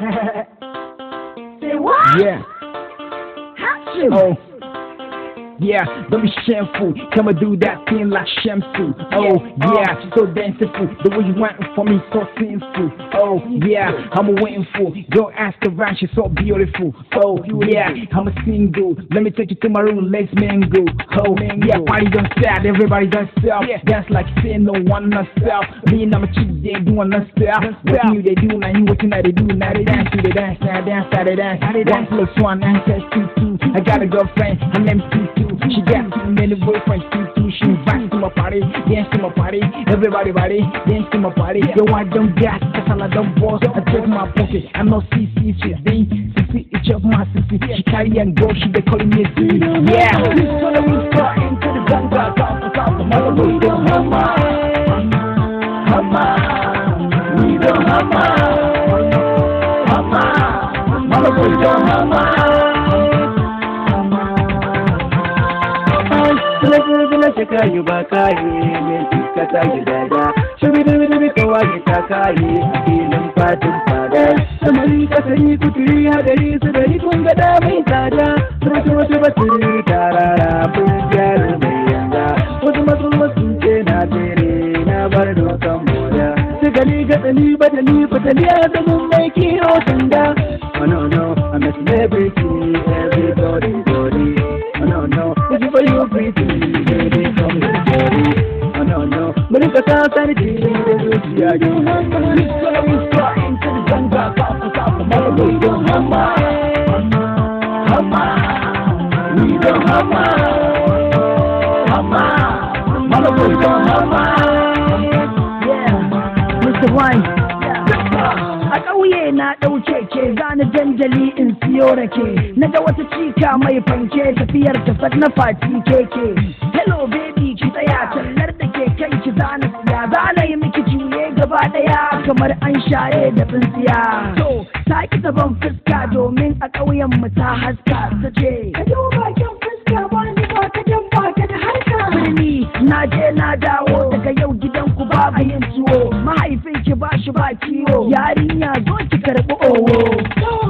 Say what? Yeah. How you? Oh. Yeah, don't be shameful. Come and do that thing like shameful. Oh, yeah, so danceful. The way you want for me, so sinful. Oh, yeah, I'm waiting for. Your ass around, she's so beautiful. Oh, yeah, I'm a single. Let me take you to my room, let's mingle. Oh, yeah, party don't stop. Everybody don't stop. Dance like sin, no one not stop. Me and I'm a chick, they doing not stop. What you they do, now you what you now they do. Now they dance, they dance, now dance, now they dance. One plus one, ancestry two. I got a girlfriend, her name's 2 She many boyfriends, people she back to my party, dance to my party, everybody body, dance to my party. Yo, I don't gas, cause all I don't boss, I check my pocket, I'm not CC, she's D, CC, it's just my CC, she carry and go, she be calling me CC. Yeah, we saw the roof into the ganga, top to top, mother, we don't have my, we don't have my, mother, we don't have my. ta kayu ba kayu mai duka ta da shibi da wani bita wani ta kayu filin fatin fada kamar ka sanyi kuturi hadari su da rikon gada mai tsada sarki wata batiri tarara mun gyara mai yanga wasu masu masu ce na tere na bar dokan moda su gani gatsani batani ba a zaman mai kiyo sanda oh no I'm a celebrity sarki A ƙauye na ɗauke ke zani dandali in siyo rake na wata cika mai fanke tafiyar na fati keke hello baby ki tsaya tallar miki zana siya zana yi miki juye gaba daya kamar an share da tsintsiya to ta ki zaban fuska domin a ƙauyen mu ta haska ta ce ka bakin fuska ba ni ba ka harka birni na je na dawo daga yau gidan ku babu a yin tuwo mahaifin ki ba shi ba kiwo yarinya zo ki karɓi owo